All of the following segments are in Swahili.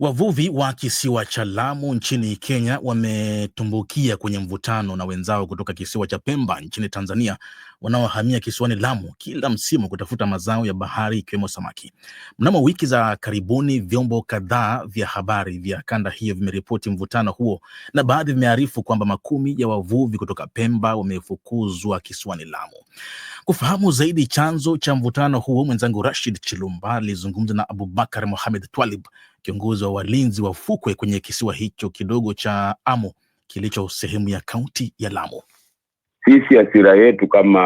Wavuvi wa kisiwa cha Lamu nchini Kenya wametumbukia kwenye mvutano na wenzao kutoka kisiwa cha Pemba nchini Tanzania wanaohamia kisiwani Lamu kila msimu kutafuta mazao ya bahari ikiwemo samaki. Mnamo wiki za karibuni, vyombo kadhaa vya habari vya kanda hiyo vimeripoti mvutano huo, na baadhi vimearifu kwamba makumi ya wavuvi kutoka Pemba wamefukuzwa kisiwani Lamu. Kufahamu zaidi chanzo cha mvutano huo, mwenzangu Rashid Chilumba alizungumza na Abubakar Mohamed Twalib, kiongozi wa walinzi wa fukwe kwenye kisiwa hicho kidogo cha Amu kilicho sehemu ya kaunti ya Lamu. Sisi asira yetu kama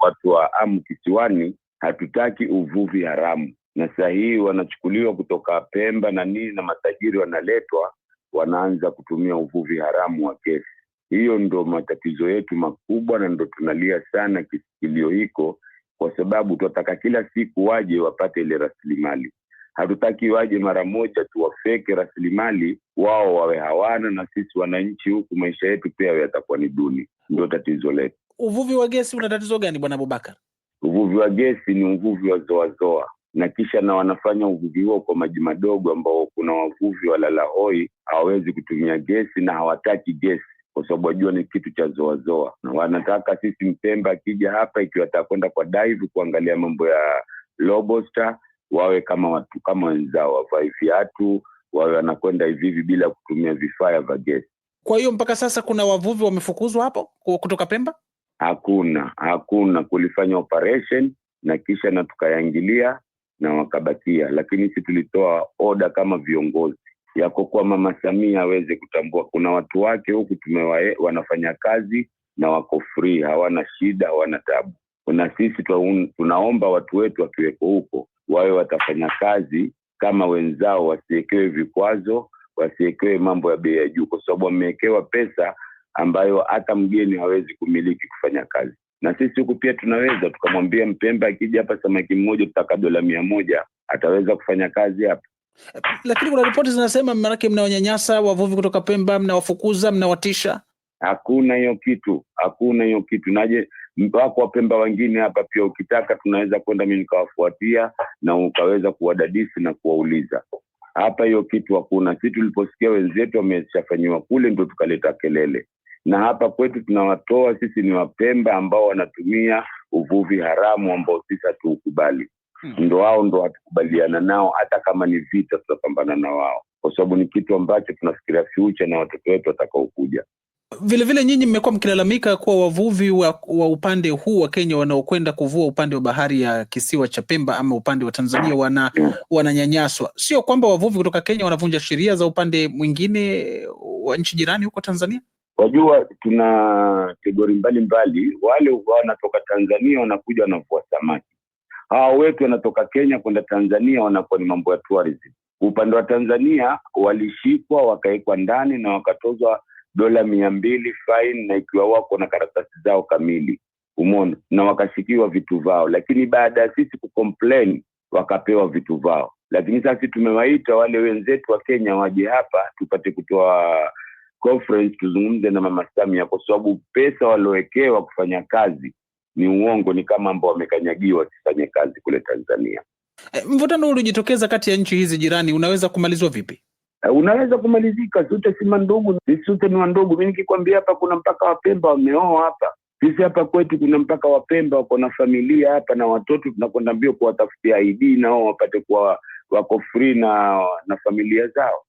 watu wa Amu kisiwani, hatutaki uvuvi haramu, na saa hii wanachukuliwa kutoka Pemba na nini, na matajiri wanaletwa, wanaanza kutumia uvuvi haramu wa gesi hiyo ndo matatizo yetu makubwa, na ndo tunalia sana kisikilio hiko, kwa sababu tunataka kila siku waje wapate ile rasilimali. Hatutaki waje mara moja tuwafeke rasilimali, wao wawe hawana na sisi wananchi huku maisha yetu pia yatakuwa ni duni. Ndio tatizo letu. Uvuvi wa gesi una tatizo gani, bwana Abubakar? Uvuvi wa gesi ni uvuvi wa zoazoa na kisha na wanafanya uvuvi huo kwa maji madogo, ambao kuna wavuvi walala hoi hawawezi kutumia gesi na hawataki gesi kwa sababu wajua ni kitu cha zoazoa. Wanataka sisi Mpemba akija hapa, ikiwa atakwenda kwa dive kuangalia mambo ya lobster, wawe kama watu kama wenzao, wavae viatu, wawe wanakwenda hivi hivi bila kutumia vifaa ya vagesi Kwa hiyo mpaka sasa kuna wavuvi wamefukuzwa hapo kutoka Pemba? Hakuna, hakuna. Kulifanya operation na kisha na tukayangilia na wakabakia, lakini sisi tulitoa oda kama viongozi kwa Mama Samia aweze kutambua kuna watu wake huku tumewae, wanafanya kazi na wako free, hawana shida, hawana tabu. Na sisi tunaomba watu wetu wakiweko huko wawe watafanya kazi kama wenzao, wasiwekewe vikwazo, wasiwekewe mambo ya bei ya juu, kwa sababu wamewekewa pesa ambayo hata mgeni hawezi kumiliki kufanya kazi. Na sisi huku pia tunaweza tukamwambia Mpemba akija hapa samaki mmoja tutaka dola mia moja, ataweza kufanya kazi hapa? Lakini kuna ripoti zinasema maanake mnawanyanyasa wavuvi kutoka Pemba, mnawafukuza, mnawatisha. Hakuna hiyo kitu, hakuna hiyo kitu. Naje wako Wapemba wengine hapa pia, ukitaka tunaweza kwenda, mi nikawafuatia na ukaweza kuwadadisi na kuwauliza hapa. Hiyo kitu hakuna. Si tuliposikia wenzetu wameshafanyiwa kule, ndio tukaleta kelele, na hapa kwetu tunawatoa. Sisi ni Wapemba ambao wanatumia uvuvi haramu ambao sisi hatuukubali. Hmm. ndo wao ndo watukubaliana nao, hata kama ni vita tutapambana na wao, kwa sababu ni kitu ambacho tunafikiria fyucha na watoto wetu watakaokuja. Vilevile nyinyi mmekuwa mkilalamika kuwa wavuvi wa, wa upande huu wa Kenya wanaokwenda kuvua upande wa bahari ya kisiwa cha Pemba ama upande wa Tanzania wana wananyanyaswa. Sio kwamba wavuvi kutoka Kenya wanavunja sheria za upande mwingine wa nchi jirani huko Tanzania? Wajua, tuna tegori mbalimbali, wale wanatoka Tanzania wanakuja wanavua samaki hawa wetu wanatoka Kenya kwenda Tanzania, wanakuwa ni mambo ya tourism. Upande wa Tanzania walishikwa wakawekwa ndani na wakatozwa dola mia mbili fine, na ikiwa wako na karatasi zao kamili, umeona, na wakashikiwa vitu vao, lakini baada ya sisi kucomplain wakapewa vitu vao. Lakini sasa tumewaita wale wenzetu wa Kenya waje hapa tupate kutoa conference, tuzungumze na Mama Samia kwa sababu pesa waliowekewa kufanya kazi ni uongo, ni kama ambao wamekanyagiwa wasifanye kazi kule Tanzania. E, mvutano uliojitokeza kati ya nchi hizi jirani unaweza kumalizwa vipi? E, unaweza kumalizika. Sote si mandugu, sisi sote ni wandugu. Mi nikikwambia hapa kuna mpaka Wapemba wameoa hapa, sisi hapa kwetu kuna mpaka Wapemba wako na familia hapa na watoto, tunakwenda mbio kuwatafutia ID nao wapate kuwa wako free na na familia zao.